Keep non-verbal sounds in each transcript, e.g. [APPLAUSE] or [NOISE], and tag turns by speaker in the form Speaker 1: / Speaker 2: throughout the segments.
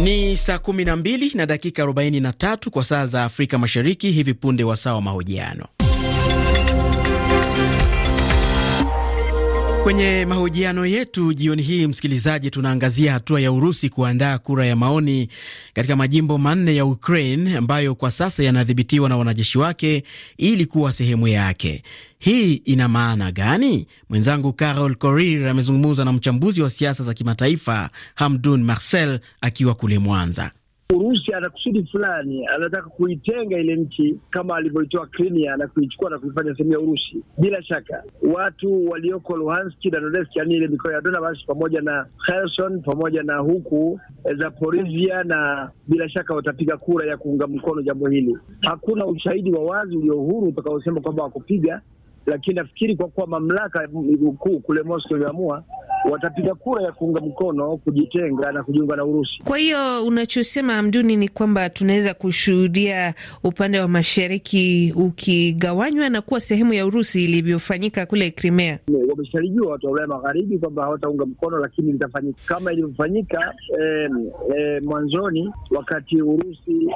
Speaker 1: Ni saa 12 na dakika 43 kwa saa za Afrika Mashariki. Hivi punde wasaa wa mahojiano Kwenye mahojiano yetu jioni hii, msikilizaji, tunaangazia hatua ya Urusi kuandaa kura ya maoni katika majimbo manne ya Ukraine ambayo kwa sasa yanadhibitiwa na wanajeshi wake ili kuwa sehemu yake. Hii ina maana gani? Mwenzangu Carol Korir amezungumza na mchambuzi wa siasa za kimataifa Hamdun Marcel akiwa kule Mwanza.
Speaker 2: Urusi ana kusudi fulani, anataka kuitenga ile nchi kama alivyoitoa Crimea na kuichukua na kuifanya sehemu ya Urusi. Bila shaka watu walioko Luhanski na Donetsk, yani ile mikoa ya Donbas pamoja na Kherson pamoja na huku eh, Zaporizhia, na bila shaka watapiga kura ya kuunga mkono jambo hili. Hakuna ushahidi wa wazi ulio huru utakaosema kwamba wakupiga lakini nafikiri kwa kuwa mamlaka kuu kule Moscow imeamua watapiga kura ya kuunga mkono kujitenga na kujiunga na Urusi.
Speaker 3: Kwa hiyo unachosema Hamduni ni kwamba tunaweza kushuhudia upande wa mashariki ukigawanywa na kuwa sehemu ya Urusi ilivyofanyika kule krimea
Speaker 2: wameshalijua watu wa Ulaya Magharibi kwamba hawataunga mkono, lakini litafanyika kama ilivyofanyika eh, eh, mwanzoni wakati Urusi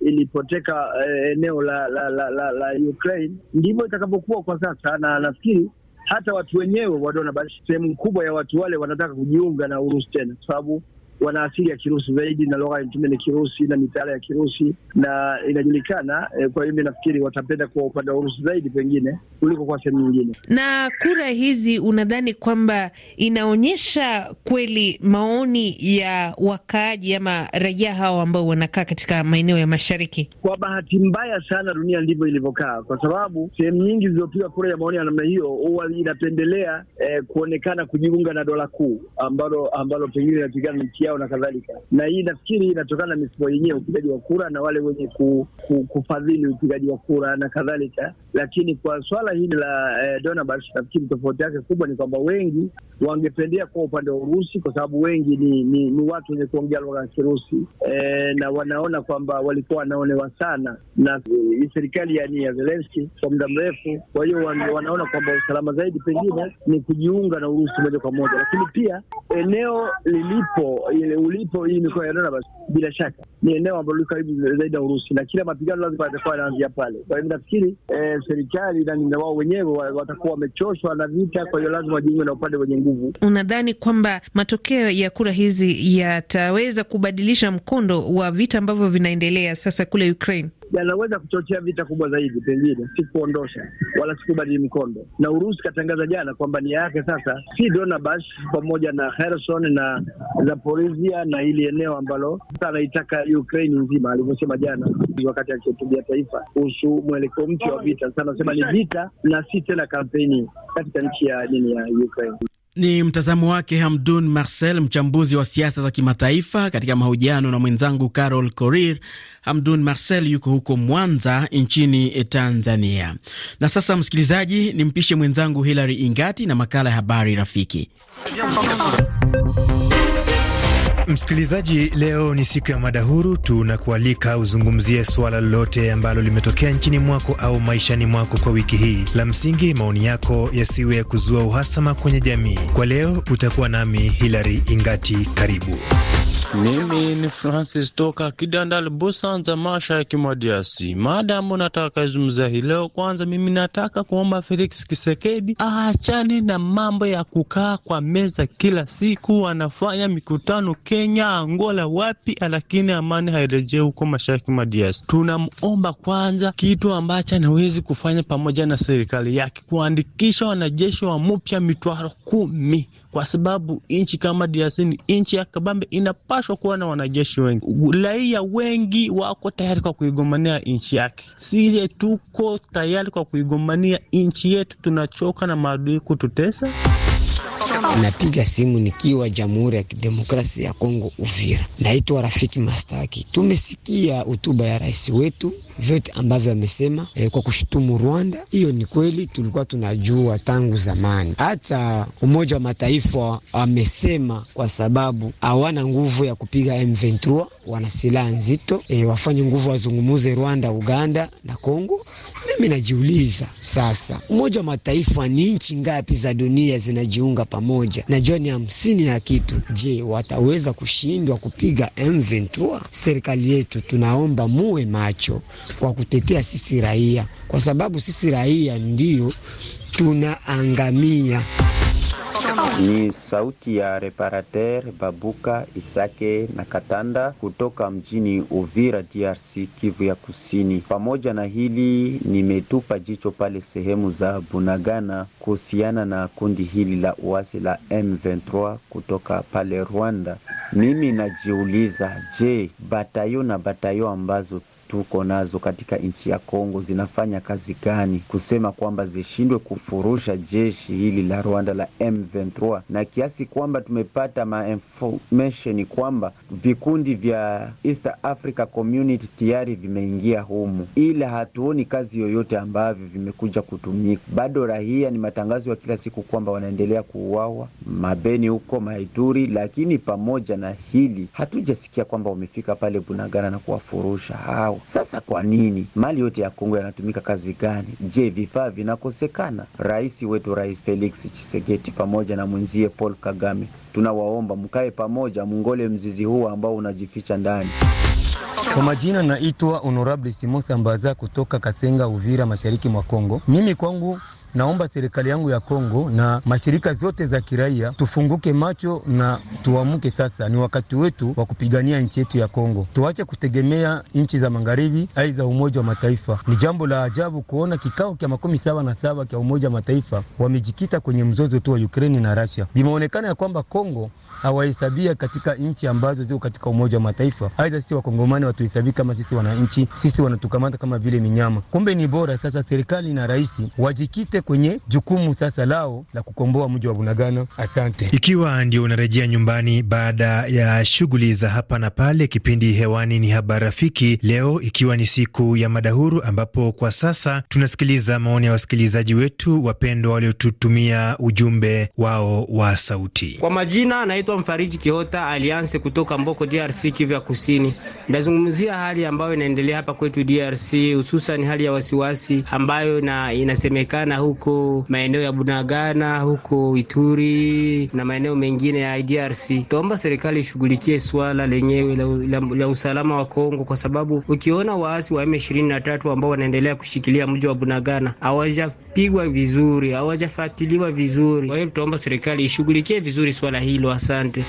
Speaker 2: ilipoteka eh, eneo la la, la, la, la Ukraine, ndivyo itakavyokuwa kwa sasa, na nafikiri hata watu wenyewe wanaona sehemu kubwa ya watu wale wanataka kujiunga na Urusi tena, kwa sababu wana asili ya Kirusi zaidi na lugha ya ni Kirusi na mitaala ya Kirusi na inajulikana eh. Kwa hiyo mi nafikiri watapenda kwa upande wa Urusi zaidi pengine kuliko kwa sehemu nyingine.
Speaker 4: Na kura hizi
Speaker 3: unadhani kwamba inaonyesha kweli maoni ya wakaaji ama raia hao ambao wanakaa katika maeneo ya mashariki?
Speaker 2: Kwa bahati mbaya sana dunia ndivyo ilivyokaa, kwa sababu sehemu nyingi zilizopigwa kura ya maoni ya namna hiyo huwa inapendelea eh, kuonekana kujiunga na dola kuu ambalo ambalo pengine inapigana nchi yao yao na kadhalika, na hii nafikiri inatokana na mifumo yenyewe, upigaji wa kura na wale wenye ku, ku, kufadhili upigaji wa kura na kadhalika. Lakini kwa swala hili la eh, Donabash, nafikiri tofauti yake kubwa ni kwamba wengi wangependea kuwa upande wa Urusi kwa sababu wengi ni, ni, ni watu wenye kuongea lugha ya Kirusi eh, na wanaona kwamba walikuwa wanaonewa sana na eh, serikali yani ya Zelenski kwa muda mrefu. Kwa hiyo wanaona kwamba usalama zaidi pengine ni kujiunga na Urusi moja kwa moja, lakini pia eneo lilipo ile ulipo, hii mikoa ya Dona basi bila shaka ni eneo ambalo liko karibu zaidi na Urusi na kila mapigano lazima yatakuwa yanaanzia pale. Kwa hivyo nafikiri eh, serikali na wao wenyewe watakuwa wamechoshwa na vita, kwa hiyo lazima wajiunge na upande wenye nguvu.
Speaker 3: Unadhani kwamba matokeo ya kura hizi yataweza kubadilisha mkondo wa vita ambavyo vinaendelea sasa kule Ukraine?
Speaker 2: yanaweza kuchochea vita kubwa zaidi, pengine si kuondosha wala si kubadili mkondo. Na Urusi katangaza jana kwamba nia yake sasa si Donbas pamoja na Kherson na Zaporizhia na hili eneo ambalo sasa anaitaka Ukraini nzima, alivyosema jana wakati akihutubia taifa kuhusu mwelekeo mpya wa vita. Sasa anasema ni vita na si tena kampeni katika nchi ya nini ya Ukraini.
Speaker 1: Ni mtazamo wake Hamdun Marcel, mchambuzi wa siasa za kimataifa, katika mahojiano na mwenzangu Carol Korir. Hamdun Marcel yuko huko Mwanza nchini Tanzania. Na sasa, msikilizaji, ni mpishe mwenzangu Hilary Ingati na makala ya habari rafiki
Speaker 3: Msikilizaji, leo ni siku ya mada huru. Tunakualika uzungumzie suala lolote ambalo limetokea nchini mwako au maishani mwako kwa wiki hii. La msingi maoni yako yasiwe ya kuzua uhasama kwenye jamii. Kwa leo utakuwa nami Hilary Ingati. Karibu.
Speaker 5: Mimi ni Francis toka Kidandal Busanza, mashariki mwa DRC. Mada ambayo nataka izumza hii leo, kwanza mimi nataka kuomba Felix Kisekedi aachane na mambo ya kukaa kwa meza kila siku, anafanya mikutano Kenya, Angola, wapi, lakini amani hairejee huko mashariki mwa DRC. Tunamomba kwanza kitu ambacho anawezi kufanya pamoja na serikali yake, kuandikisha wanajeshi wa mupya mitwaro kumi kwa sababu nchi kama DRC ni nchi ya kabambe, inapashwa kuwa na wanajeshi wengi. Raia wengi wako tayari kwa kuigombania nchi yake. Sisi tuko tayari kwa kuigombania nchi yetu, tunachoka na maadui kututesa.
Speaker 1: Napiga simu nikiwa Jamhuri ya Kidemokrasia ya Kongo, Uvira. Naitwa Rafiki Mastaki. Tumesikia hotuba ya rais wetu, vyote ambavyo amesema e, kwa kushutumu Rwanda. Hiyo ni kweli, tulikuwa tunajua tangu zamani, hata Umoja wa Mataifa wamesema kwa sababu hawana nguvu ya kupiga M23, wana silaha nzito e, eh, wafanye nguvu, wazungumuze Rwanda, Uganda na Kongo. Mimi najiuliza sasa, Umoja wa Mataifa ni nchi ngapi za dunia zinajiunga pamoja moja na joni hamsini na kitu. Je, wataweza kushindwa kupiga M23? Serikali yetu tunaomba muwe macho kwa kutetea sisi raia, kwa sababu sisi raia ndiyo tunaangamia.
Speaker 5: Ni sauti ya reparateur Babuka Isake na Katanda kutoka mjini Uvira, DRC, Kivu ya Kusini. Pamoja na hili, nimetupa jicho pale sehemu za Bunagana kuhusiana na kundi hili la uasi la M23 kutoka pale Rwanda. Mimi najiuliza, je, batayo na batayo ambazo tuko nazo katika nchi ya Kongo zinafanya kazi gani, kusema kwamba zishindwe kufurusha jeshi hili la Rwanda la M23, na kiasi kwamba tumepata information kwamba vikundi vya East Africa Community tayari vimeingia humu, ila hatuoni kazi yoyote ambavyo vimekuja kutumika. Bado rahia ni matangazo ya kila siku kwamba wanaendelea kuuawa Mabeni huko Maituri, lakini pamoja na hili hatujasikia kwamba wamefika pale Bunagana na kuwafurusha hao wao. Sasa kwa nini mali yote ya Kongo yanatumika kazi gani? Je, vifaa vinakosekana? Rais wetu Rais Felix Tshisekedi pamoja na mwenzie Paul Kagame, tunawaomba mkae pamoja, mngole mzizi huu ambao unajificha ndani.
Speaker 3: Kwa majina naitwa Honorable Simosa Mbaza kutoka Kasenga, Uvira, mashariki mwa Kongo. Mimi kwangu naomba serikali yangu ya Kongo na mashirika zote za kiraia tufunguke macho na tuamke sasa. Ni wakati wetu wa kupigania nchi yetu ya Kongo, tuache kutegemea nchi za magharibi ai za Umoja wa Mataifa. Ni jambo la ajabu kuona kikao kya makumi saba na saba kya Umoja wa Mataifa wamejikita kwenye mzozo tu wa Ukraini na Rasia. Vimeonekana ya kwamba Kongo hawahesabia katika nchi ambazo ziko katika Umoja wa Mataifa. Aidha, sisi Wakongomani watuhesabii kama sisi wananchi, sisi wanatukamata kama vile minyama. Kumbe ni bora sasa serikali na rais wajikite kwenye jukumu sasa lao la kukomboa mji wa Bunagana. Asante. Ikiwa ndio unarejea nyumbani baada ya shughuli za hapa na pale, kipindi hewani ni habari rafiki, leo ikiwa ni siku ya madahuru, ambapo kwa sasa tunasikiliza maoni ya wasikilizaji wetu wapendwa waliotutumia ujumbe wao wa sauti.
Speaker 6: Kwa majina anaitwa Mfariji Kihota Alianse kutoka Mboko, DRC, ya Kusini. Ndazungumzia hali ambayo inaendelea hapa kwetu DRC, hususan hali ya wasiwasi ambayo na inasemekana huku huko maeneo ya Bunagana, huko Ituri na maeneo mengine ya DRC. Tuomba serikali ishughulikie swala lenyewe la, la, la usalama wa Kongo, kwa sababu ukiona waasi wa M23 ambao wanaendelea kushikilia mji wa Bunagana hawajapigwa vizuri, hawajafuatiliwa vizuri. Kwa hiyo tuomba serikali ishughulikie vizuri swala hilo. Asante.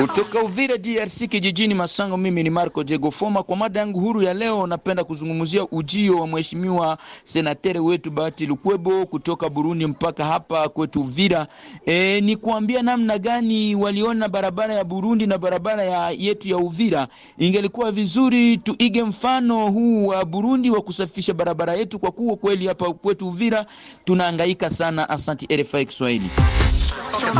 Speaker 1: Kutoka Uvira DRC
Speaker 5: kijijini Masango, mimi ni Marco Diego Foma. Kwa mada yangu huru ya leo, napenda kuzungumzia ujio wa mheshimiwa senateri wetu Bahati Lukwebo kutoka Burundi mpaka hapa kwetu Uvira. E, ni kuambia namna gani waliona barabara ya Burundi na barabara ya yetu ya Uvira. Ingelikuwa vizuri tuige mfano huu wa Burundi wa kusafisha barabara yetu, kwa kuwa kweli hapa kwetu Uvira tunahangaika sana. Asanti RFI Kiswahili.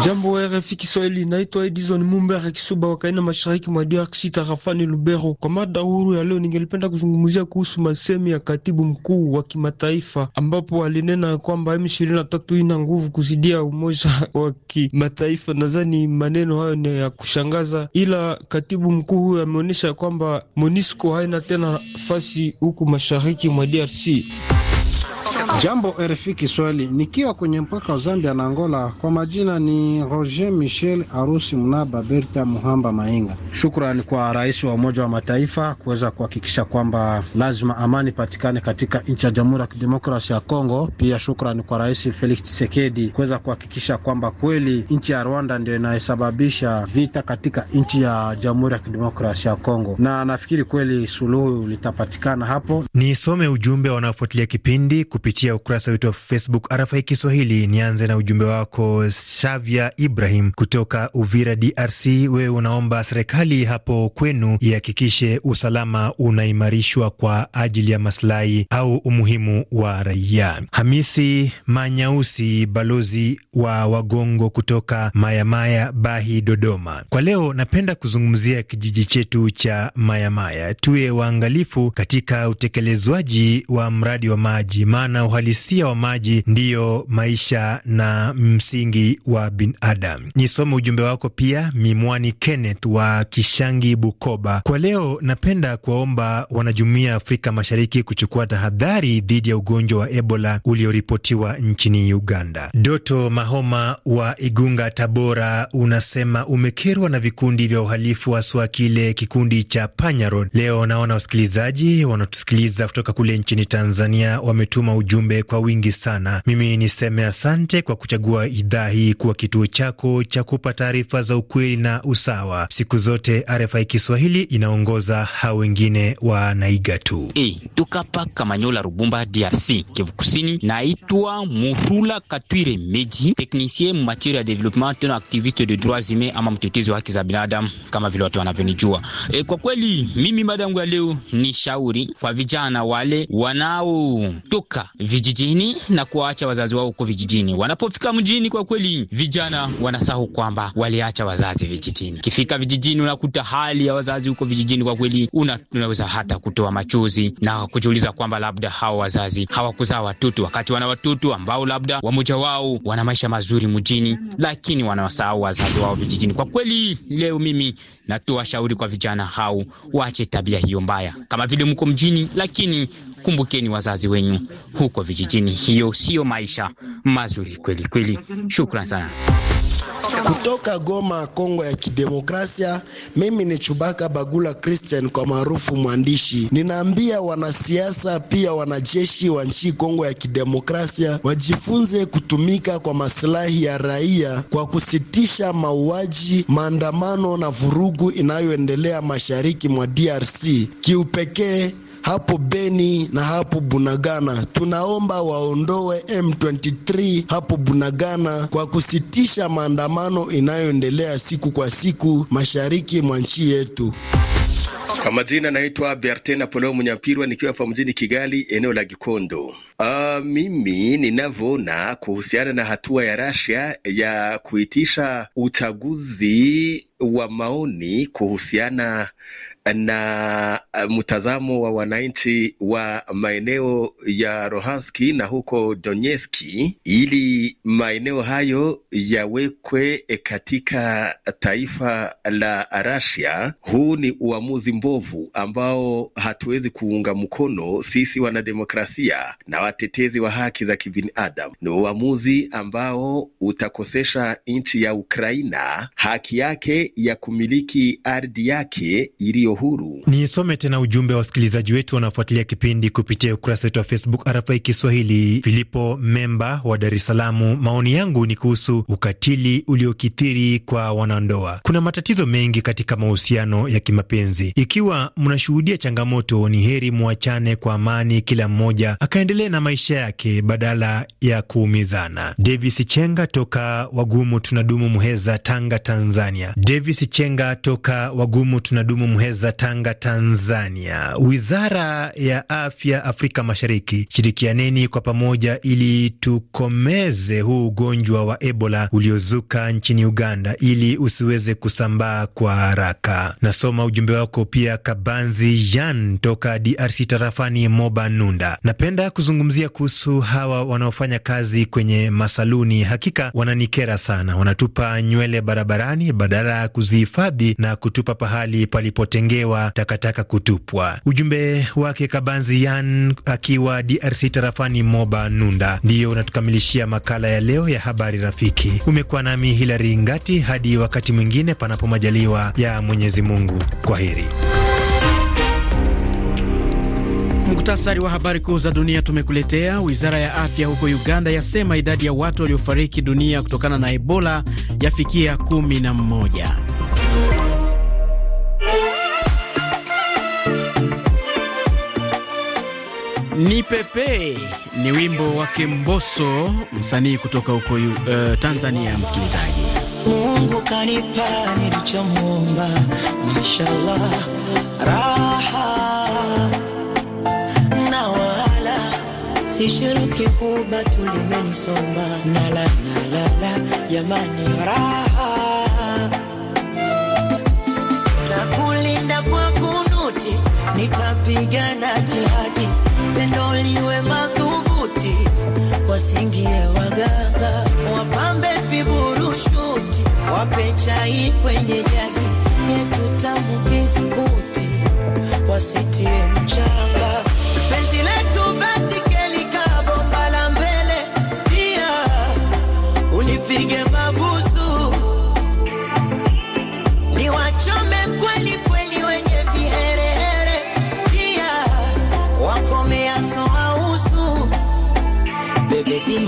Speaker 2: Jambo RFI Kiswahili, naitwa Edison Mumbere Kisuba wakaina mashariki mwa DRC tarafani Lubero. Kwa mada huru ya leo, ningelipenda kuzungumzia kuhusu masemi ya katibu mkuu wa kimataifa ambapo alinena kwamba M23 ina nguvu kuzidia umoja wa kimataifa. Nadhani maneno hayo ni ya kushangaza, ila katibu mkuu huyo ameonyesha kwamba MONUSCO haina tena nafasi huku mashariki mwa DRC. Jambo RFI Kiswahili, nikiwa kwenye mpaka wa Zambia na Angola.
Speaker 3: Kwa majina ni Roger Michel Arusi Mnaba Berta Muhamba Mainga. Shukrani kwa rais wa Umoja wa Mataifa kuweza kuhakikisha kwamba lazima amani patikane katika nchi ya Jamhuri ya Kidemokrasia ya Kongo. Pia shukrani kwa Rais Felix Tshisekedi kuweza kuhakikisha kwamba kweli nchi ya Rwanda ndio inayosababisha vita katika nchi ya Jamhuri ya Kidemokrasia ya Kongo, na nafikiri kweli suluhu litapatikana hapo. Nisome ujumbe wanaofuatilia kipindi kupitia kupitia ukurasa wetu wa Facebook RFI Kiswahili. Nianze na ujumbe wako Shavya Ibrahim kutoka Uvira, DRC. Wewe unaomba serikali hapo kwenu ihakikishe usalama unaimarishwa kwa ajili ya maslahi au umuhimu wa raia. Hamisi Manyausi, balozi wa Wagongo kutoka Mayamaya Bahi, Dodoma. Kwa leo napenda kuzungumzia kijiji chetu cha Mayamaya. Tuwe waangalifu katika utekelezwaji wa mradi wa maji, maana uhalisia wa maji ndiyo maisha na msingi wa binadam. Nisome ujumbe wako pia, Mimwani Kenneth wa Kishangi, Bukoba. Kwa leo napenda kuwaomba wanajumuiya Afrika Mashariki kuchukua tahadhari dhidi ya ugonjwa wa Ebola ulioripotiwa nchini Uganda. Doto Mahoma wa Igunga, Tabora, unasema umekerwa na vikundi vya uhalifu, haswa kile kikundi cha Panya Leo naona wasikilizaji wanatusikiliza kutoka kule nchini Tanzania wametuma ujumbe ujumbe kwa wingi sana. Mimi niseme asante kwa kuchagua idhaa hii kuwa kituo chako cha kupa taarifa za ukweli na usawa. Siku zote RFI Kiswahili inaongoza, hao wengine wanaiga tu.
Speaker 6: Hey, tukapa Kamanyola, Rubumba, DRC, Kivu Kusini. Naitwa Murula Katwire Meji, teknisie matiere ya developement tena aktiviste de droits humains ama mtetezi wa haki za binadamu kama vile watu wanavyonijua. E, kwa kweli mimi madangu ya leo ni shauri kwa vijana wale wanaotoka vijijini na kuwaacha wazazi wao huko vijijini. Wanapofika mjini, kwa kweli vijana wanasahau kwamba waliacha wazazi vijijini. Kifika vijijini, unakuta hali ya wazazi huko vijijini, kwa kweli una, unaweza hata kutoa machozi na kujiuliza kwamba labda hawa wazazi hawakuzaa watoto wakati wana watoto ambao labda wamoja wao wana maisha mazuri mjini, lakini wanawasahau wazazi wao vijijini. Kwa kweli leo mimi natoa shauri kwa vijana hao waache tabia hiyo mbaya. Kama vile mko mjini, lakini kumbukeni wazazi wenyu huko vijijini, hiyo siyo maisha mazuri kweli kweli. Shukran sana.
Speaker 1: Kutoka Goma, Kongo ya Kidemokrasia, mimi ni Chubaka Bagula Christian kwa maarufu mwandishi. Ninaambia wanasiasa pia wanajeshi wa nchi Kongo ya Kidemokrasia wajifunze kutumika kwa masilahi ya raia kwa kusitisha mauaji, maandamano na vurugu inayoendelea mashariki mwa DRC. Kiupekee hapo Beni na hapo Bunagana. Tunaomba waondoe M23 hapo Bunagana kwa kusitisha maandamano inayoendelea siku kwa siku mashariki mwa nchi yetu.
Speaker 3: Kwa majina naitwa Bertin Apollo Munyapirwa nikiwa hapa mjini Kigali eneo la Gikondo. Uh, mimi ninavyoona kuhusiana na hatua ya Russia ya kuitisha uchaguzi wa maoni kuhusiana na eh, mtazamo wa wananchi wa maeneo ya Rohanski na huko Donetski, ili maeneo hayo yawekwe katika taifa la Rasia. Huu ni uamuzi mbovu ambao hatuwezi kuunga mkono sisi wanademokrasia na watetezi wa haki za kibinadamu. Ni uamuzi ambao utakosesha nchi ya Ukraina haki yake ya kumiliki ardhi yake iliyo huru. some tena ujumbe wa wasikilizaji wetu wanaofuatilia kipindi kupitia ukurasa wetu wa Facebook RFI Kiswahili. Filipo Memba wa Dar es Salaam, maoni yangu ni kuhusu ukatili uliokithiri kwa wanandoa. Kuna matatizo mengi katika mahusiano ya kimapenzi. Ikiwa mnashuhudia changamoto, ni heri mwachane kwa amani, kila mmoja akaendelee na maisha yake badala ya kuumizana. Davis Chenga toka Wagumu tunadumu Muheza, Tanga, Tanzania. Davis Chenga toka Wagumu tunadumu Muheza za Tanga, Tanzania. Wizara ya Afya Afrika Mashariki, shirikianeni kwa pamoja ili tukomeze huu ugonjwa wa Ebola uliozuka nchini Uganda ili usiweze kusambaa kwa haraka. Nasoma ujumbe wako pia, Kabanzi Jean toka DRC tarafani Moba Nunda. Napenda kuzungumzia kuhusu hawa wanaofanya kazi kwenye masaluni. Hakika wananikera sana, wanatupa nywele barabarani badala ya kuzihifadhi na kutupa pahali palipotengea kujengewa takataka kutupwa. Ujumbe wake Kabanzi Yan akiwa DRC tarafani Moba Nunda ndiyo unatukamilishia makala ya leo ya habari rafiki. Umekuwa nami Hilari Ngati hadi wakati mwingine, panapo majaliwa ya Mwenyezi Mungu. Kwa heri. Muktasari wa habari kuu za dunia
Speaker 1: tumekuletea. Wizara ya afya huko Uganda yasema idadi ya watu waliofariki dunia kutokana na Ebola yafikia kumi na mmoja. ni pepe ni wimbo wake Kemboso, msanii kutoka huko uh, Tanzania.
Speaker 4: Msikilizaji, Mungu kanipa nilichomwomba, mashallah raha na wala sishiriki kuba tulimenisomba nala jamani, raha takulinda kwa kunuti nitapigana jihadi waliwe madhubuti, wasingie waganga, wapambe viburushuti, wape chai kwenye jagi yetu tamu, biskuti wasitie mchanga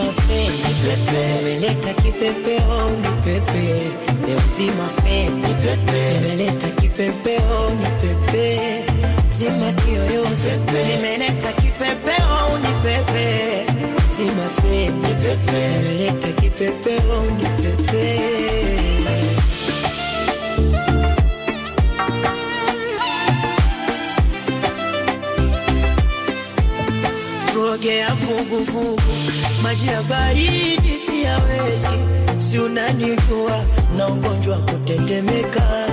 Speaker 4: Nimeleta kipepeo nipepe, leo zima fe, nimeleta kipepeo nipepe, zima kiyoyozi. Nimeleta kipepeo nipepe, zima fe, nimeleta kipepeo nipepe Tuogea fugufugu maji ya baridi siyawezi, si unanijua na ugonjwa kutetemeka,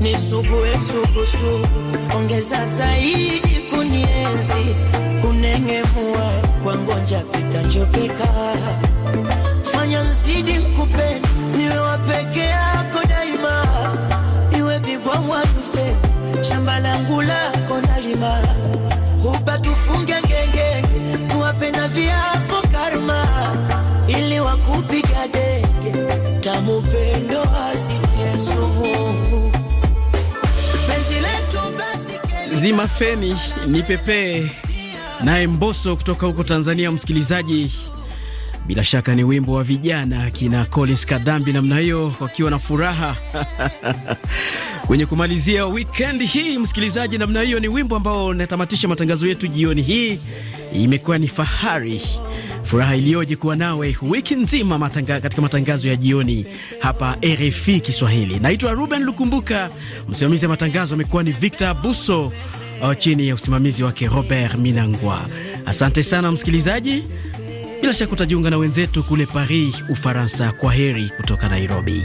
Speaker 4: ni sugue sugusu, ongeza zaidi kunienzi, kunengemua kwa ngonja pita njopeka, fanya nzidi kupenda niwe wape
Speaker 1: zima feni ni pepee naye Mboso kutoka huko Tanzania. Msikilizaji, bila shaka ni wimbo wa vijana kina Collins Kadambi namna hiyo, wakiwa na furaha [LAUGHS] kwenye kumalizia wikendi hii. Msikilizaji, namna hiyo ni wimbo ambao unatamatisha matangazo yetu jioni hii. Imekuwa ni fahari Furaha iliyoje kuwa nawe wiki nzima matanga, katika matangazo ya jioni hapa RFI Kiswahili. Naitwa Ruben Lukumbuka, msimamizi wa matangazo amekuwa ni Victor Buso uh, chini ya usimamizi wake Robert Minangwa. Asante sana msikilizaji, bila shaka utajiunga na wenzetu kule Paris, Ufaransa. Kwa
Speaker 2: heri kutoka Nairobi.